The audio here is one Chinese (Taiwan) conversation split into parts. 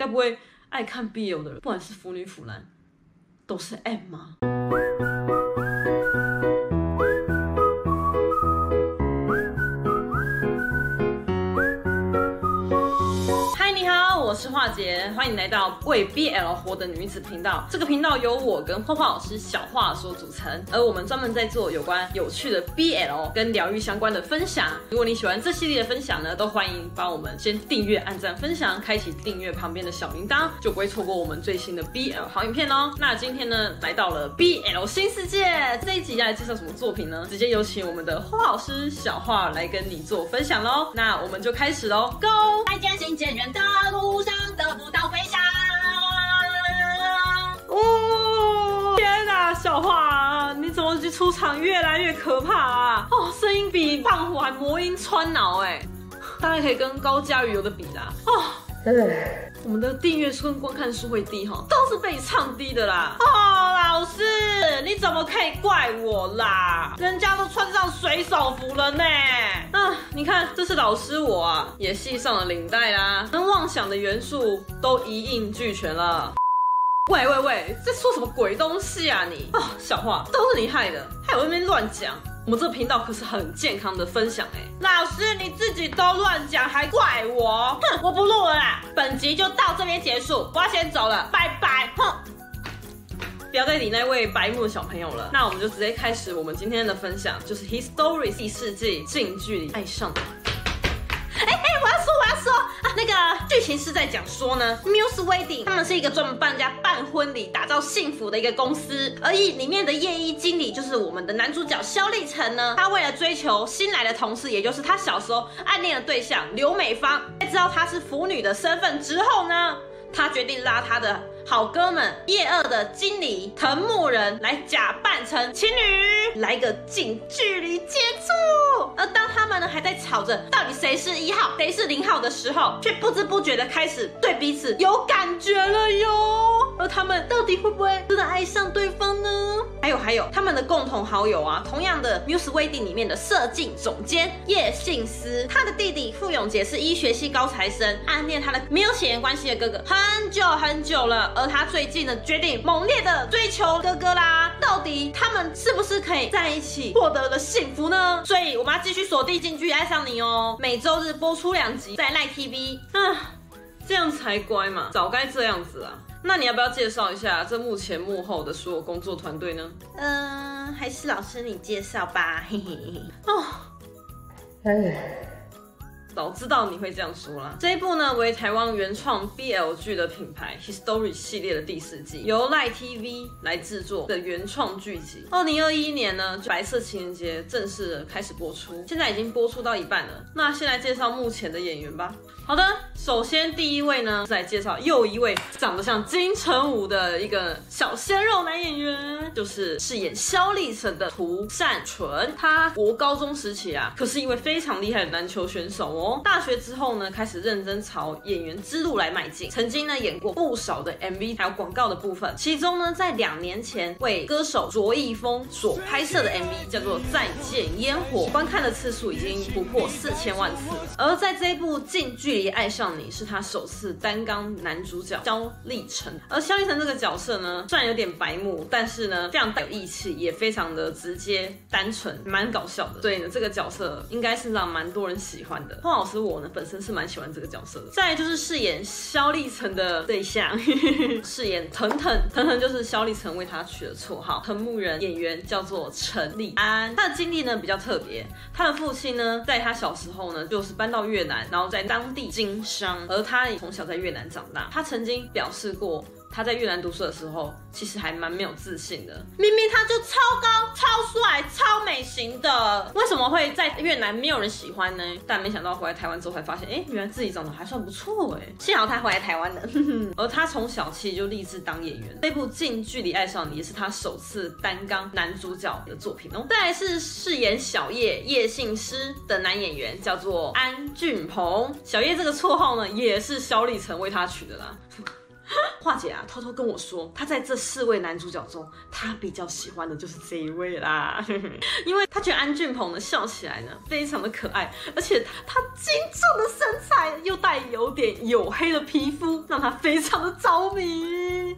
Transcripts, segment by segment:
該不會愛看 BL 的人，不管是腐女腐男，都是 M 嗎？我是樺姐，歡迎來到為 BL 活的女子頻道。這個頻道由我跟樺樺老師、小樺所組成，而我們專門在做有關有趣的 BL 跟療癒相關的分享。如果你喜歡這系列的分享呢，都歡迎幫我們先訂閱、按讚、分享，開啟訂閱旁邊的小鈴鐺，就不會錯過我們最新的 BL 好影片哦。那今天呢，來到了 BL 心世界，這一集要介紹什麼作品呢？直接有請我們的樺老師、小樺來跟你做分享嘍。那我們就開始嘍，Go，愛漸行漸遠大路上得不到飛翔。哦，天啊，小樺，你怎麼去出場越來越可怕啊？哦，聲音比胖虎還魔音穿腦哎，大概可以跟高嘉瑜有得比的啦。哦，真的，我們的訂閱和觀看數會低哈，都是被你唱低的啦。哦，老師，你怎麼可以怪我啦？人家都穿上水手服了呢。啊，你看，這是老師我啊，也繫上了領帶啦，啊，能妄想的元素都一應俱全了。喂喂喂，在說什麼鬼東西啊你啊？哦，小樺都是你害的，害我那邊亂講，我們這頻道可是很健康的分享哎，欸。老師你自己都亂講，還怪我？哼，我不錄了啦，本集就到這邊結束，我要先走了，拜拜。交代你那位白目的小朋友了，那我們就直接開始我們今天的分享，就是 History 第四季近距離愛上你，哎嘿、欸欸，我要說我要說啊，那個劇情是在講說呢，Muse Wedding 他們是一個專門幫人家辦婚禮、打造幸福的一個公司，而裡面的業衣經理就是我們的男主角肖立成呢。他為了追求新來的同事，也就是他小時候暗戀的對象劉美芳，在知道她是腐女的身份之後呢，他決定拉他的。好哥們葉二的經理藤木仁來假扮成情侶，來個近距離接觸。而當他們呢還在吵着到底誰是一號誰是零號的時候，卻不知不覺的開始對彼此有感覺了喲。而他們到底會不會真的愛上對方？還有他們的共同好友啊，同樣的《Muse Wedding》裡面的設計總監葉信思，他的弟弟傅永杰是醫學系高材生，暗戀他的沒有血緣關係的哥哥很久很久了，而他最近呢決定猛烈的追求哥哥啦，到底他們是不是可以在一起獲得了幸福呢？所以我們要繼續鎖定《近距離愛上你》哦，每周日播出兩集，在 LINE TV。嗯。這樣才乖嘛，早該這樣子啊。那你要不要介紹一下這幕前幕後的所有工作團隊呢？嗯、呃，還是老師你介紹吧，嘿嘿嘿。哦，哎。早知道你會這樣說啦！這一部呢為台灣原創 BL 劇的品牌 History 系列的第四季，由 LINE TV 來制作的原創劇集。二零二一年呢，就白色情人節正式開始播出，現在已經播出到一半了。那先來介紹目前的演員吧。好的，首先第一位呢，再介紹又一位長得像金城武的一個小鮮肉男演員，就是飾演蕭立成的塗善存。他國高中時期啊，可是一位非常厲害的籃球選手。大學之後呢，開始認真朝演員之路來邁進。曾經呢，演過不少的 MV，還有廣告的部分。其中呢，在兩年前為歌手卓義峰所拍攝的 MV 叫做《再見煙火》，觀看的次數已經突破四千萬次了。而在這一部《近距離愛上你》，是他首次擔綱男主角肖立成。而肖立成這個角色呢，雖然有點白目，但是呢，非常帶有義氣，也非常的直接、單純，蠻搞笑的。所以呢，這個角色應該是讓蠻多人喜歡的。孟老師，我呢，本身是蠻喜歡這個角色的。再來就是飾演蕭立誠的對象，飾 演騰騰騰騰，就是蕭立誠為他取的綽號，藤木人演員叫做陳立安。他的經歷呢，比較特別，他的父親呢，在他小時候呢，就是搬到越南，然後在當地經商，而他也從小在越南長大。他曾經表示過，他在越南讀書的時候，其實還蠻沒有自信的。明明他就超高、超帥、超美型的，為什麼會在越南沒有人喜歡呢？但沒想到回來台灣之後才發現，哎，原來自己長得還算不錯誒。幸好他回來台灣了。 而他從小期就立志當演員。這部《近距離愛上你》也是他首次擔綱男主角的作品哦。再來是飾演小葉葉姓詩的男演員，叫做安俊鵬。小葉這個綽號呢，也是蕭立成為他取的啦。 樺姐啊，偷偷跟我說，她在這四位男主角中，她比較喜歡的就是這一位啦。呵呵。因為他覺得安俊朋呢笑起來呢非常的可愛，而且他精壯的身材又帶有點黝黑的皮膚，讓他非常的着迷。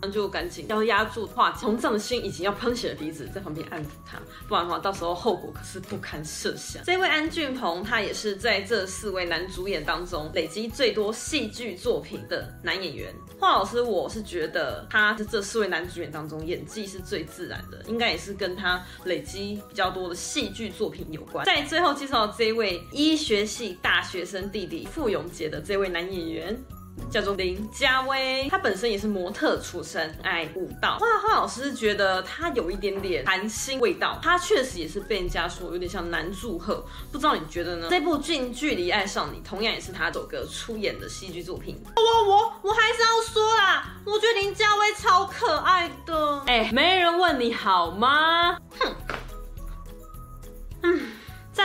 那 就趕緊要壓住樺從藏心已經要噴血的鼻子，在旁邊安撫他，不然的話到時候後果可是不堪設想。這位安俊朋，他也是在這四位男主演當中累積最多戲劇作品的男。演員樺老師，我是覺得他是這四位男主演當中演技是最自然的，應該也是跟他累積比較多的戲劇作品有關。在最後介紹這位醫學系大學生弟弟傅永杰的這位男演員。叫做林嘉威，他本身也是模特出身，愛舞蹈。後來，樺樺老師覺得他有一點點韓星味道，他確實也是被人家說有點像南柱赫。不知道你覺得呢？這部《近距離愛上你》同樣也是他走歌出演的戲劇作品。我我我，我我還是要說啦，我覺得林嘉威超可愛的。哎、欸，沒人問你好嗎？哼。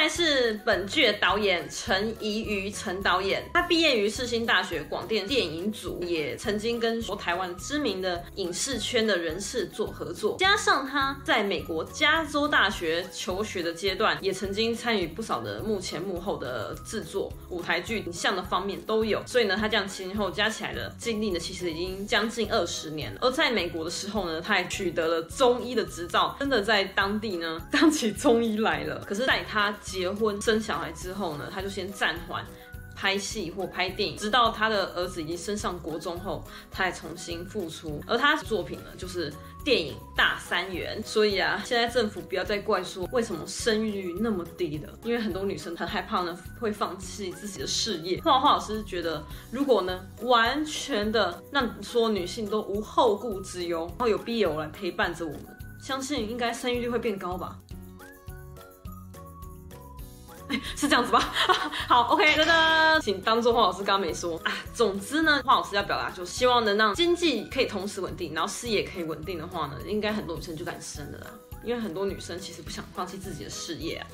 現在是本劇的導演陳怡瑜陳導演，他畢業於世新大學廣電電影組，也曾經跟台灣知名的影視圈的人士做合作。加上他在美國加州大學求學的階段，也曾經參與不少的幕前幕後的製作，舞台劇影像的方面都有。所以呢，他這樣七零後加起來的經歷呢，其實已經將近二十年了。而在美國的時候呢，他也取得了中醫的執照，真的在當地呢當起中醫來了。可是在他結婚生小孩之後呢，他就先暫緩拍戲或拍電影，直到他的兒子已經升上國中後，他才重新復出。而他的作品呢，就是電影《大三元》。所以啊，現在政府不要再怪說為什麼生育率那麼低了，因為很多女生很害怕呢會放棄自己的事業。樺樺老師覺得，如果呢，完全的讓所有女性都無後顧之憂，然後有必要來陪伴着我們，相信應該生育率會變高吧。是這樣子吧， 好，OK，噔噔，請當做樺老師剛剛沒說啊。總之呢，樺老師要表達就，希望能讓經濟可以同時穩定，然後事業可以穩定的話呢，應該很多女生就敢生的啦。因為很多女生其實不想放棄自己的事業啊，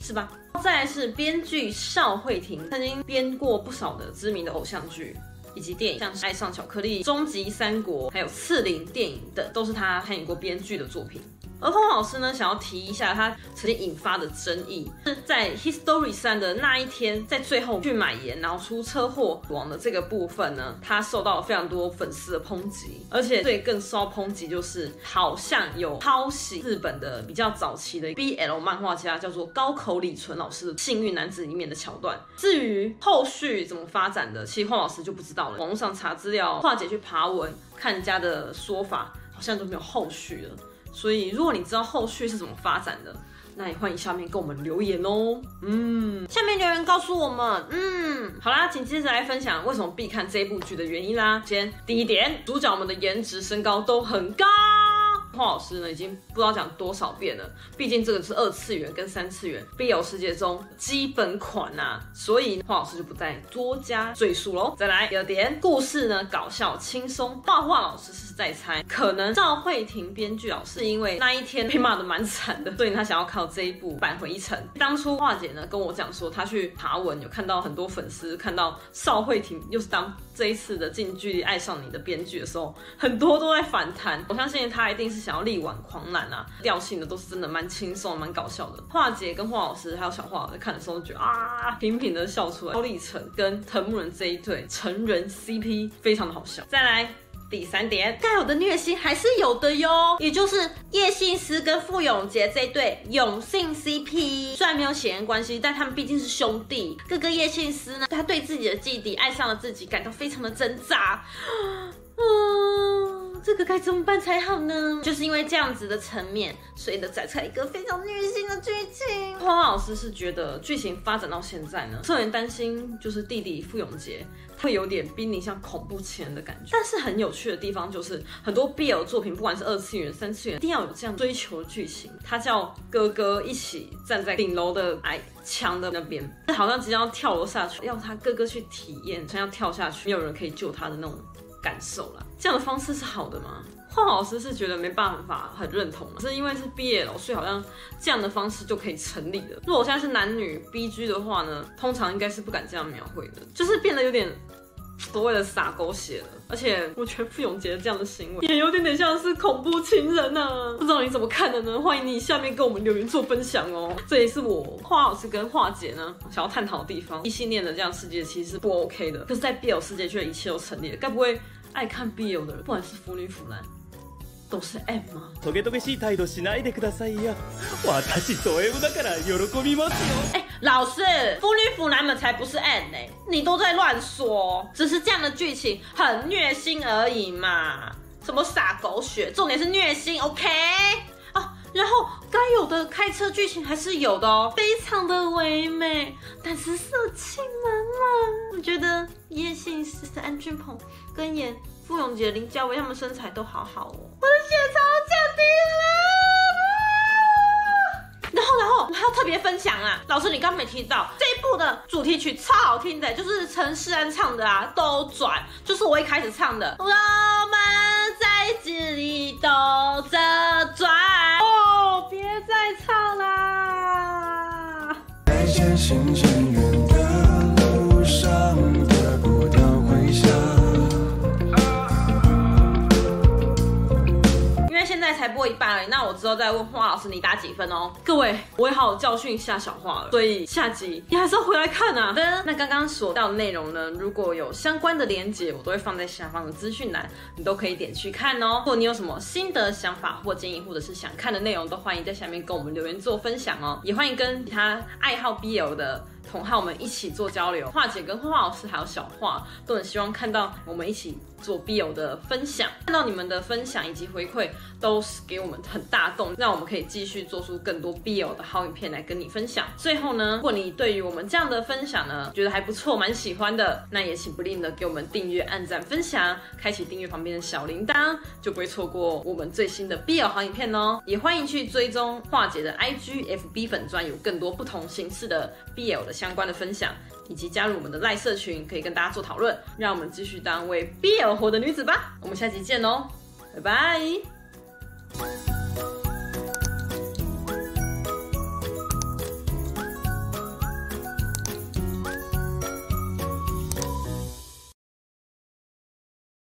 是吧？然後再來是編劇邵慧婷，曾經編過不少的知名的偶像劇以及電影，像是《愛上巧克力》、《終極三國》還有《刺陵》電影等，都是她參演過編劇的作品。而樺老師呢，想要提一下他曾經引發的爭議，是在 History 三的那一天，在最後去買鹽，然後出車禍死亡的這個部分呢，他受到了非常多粉絲的抨擊，而且最更受到抨擊就是好像有抄襲日本的比較早期的 BL 漫畫家叫做高口李純老師的《幸運男子》裡面的橋段。至於後續怎麼發展的，其實樺老師就不知道了。網絡上查資料，化解去爬文，看人家的說法，好像都沒有後續了。所以，如果你知道後續是怎麼發展的，那也歡迎下面給我們留言哦。嗯，下面留言告訴我們。嗯，好啦，緊接着來分享為什麼必看這部劇的原因啦。先第一點，主角們的顏值身高都很高。樺老師呢，已經不知道講多少遍了。畢竟這個是二次元跟三次元必有世界中基本款吶、啊，所以樺老師就不再多加贅述嘍。再來第二點故事呢，搞笑輕鬆。樺樺老師是在猜，可能邵慧婷編劇老師因為那一天被罵的蠻慘的，所以他想要靠這一部扳回一城。當初樺姐呢，跟我講說，她去爬文，有看到很多粉絲看到邵慧婷又是當。這一次的近距離愛上你的編劇的時候，很多都在反彈。我相信他一定是想要力挽狂瀾啊！調性的都是真的蠻輕鬆、蠻搞笑的。華姐跟華老師還有小樺老師看的時候，就覺得啊頻頻的笑出來。高立成跟藤木人這一對成人 CP 非常的好笑。再來。第三點，該有的虐心還是有的喲，也就是葉信思跟傅永傑這對永信 CP，雖然沒有血緣關係，但他們畢竟是兄弟。哥哥葉信思呢，他對自己的弟弟愛上了自己，感到非常的掙扎。嗯這個該怎麼辦才好呢？就是因為這樣子的層面，所以呢，展開一個非常虐心的劇情。花老師是覺得劇情發展到現在呢，雖然擔心，就是弟弟傅永杰會有點瀕臨像恐怖情人的感覺。但是很有趣的地方就是，很多 BL 作品，不管是二次元、三次元，一定要有這樣追求的劇情。他叫哥哥一起站在頂樓的矮牆的那邊，好像即將要跳樓下去，要他哥哥去體驗，像要跳下去，沒有人可以救他的那種。感受啦，這樣的方式是好的嗎？樺老師是覺得沒辦法，很認同，是因為是畢業了，所以好像這樣的方式就可以成立的。如果我現在是男女 B G 的話呢，通常應該是不敢這樣描繪的，就是變得有點。所謂的撒狗血了，而且我覺得傅永杰這樣的行為也有點點像是恐怖情人呢、啊，不知道你怎麼看的呢？歡迎你下面跟我們留言做分享哦。這也是我花老師跟花姐呢想要探討的地方。異性戀的這樣世界其實是不 OK 的，可是，在 BL 世界卻一切都成立了。該不會愛看 BL 的人，不管是腐女腐男。都是 M 嗎？ゲトゲしい態度しないでくださ喜びますよ。哎、欸，老師，腐女腐男們才不是 M 哎、欸，你都在亂說，只是這樣的劇情很虐心而已嘛。什麼灑狗血，重點是虐心，OK？哦、啊，然後該有的開車劇情還是有的哦、喔，非常的唯美，但是色氣滿滿。我覺得葉姓氏的安俊朋跟演。傅永傑、林嘉威他們身材都好好哦、喔！我的血槽降低了、啊。然，然後，然後，我還要特別分享啊，老師，你剛沒提到這一部的主題曲超好聽的、欸，就是陳勢安唱的啊，兜轉，就是我一開始唱的，我們在這裡都在轉。哦，別再唱啦。再播一半而已，那我之後再問樺老師，你打幾分哦？各位，我也好好教訓一下小樺了，所以下集你還是要回來看啊。那剛剛說到的內容呢，如果有相關的鏈接，我都會放在下方的資訊欄，你都可以點去看哦。如果你有什麼心得、想法或建議，或者是想看的內容，都歡迎在下面跟我們留言做分享哦。也歡迎跟其他愛好 BL 的。同好們一起做交流，樺姐跟樺樺老師還有小樺都很希望看到我們一起做 BL 的分享，看到你們的分享以及回饋都是給我們很大動力，讓我們可以繼續做出更多 BL 的好影片來跟你分享。最後呢，如果你對於我們這樣的分享呢覺得還不錯，蠻喜歡的，那也請不吝的給我們訂閱、按讚、分享，開啟訂閱旁邊的小鈴鐺，就不會錯過我們最新的 BL 好影片哦。也歡迎去追蹤樺姐的 IG、FB 粉專，有更多不同形式的 BL 的相關的分享，以及加入我們的賴社群，可以跟大家做討論。讓我們繼續當為 BL 而活的女子吧。我們下集見哦，拜拜。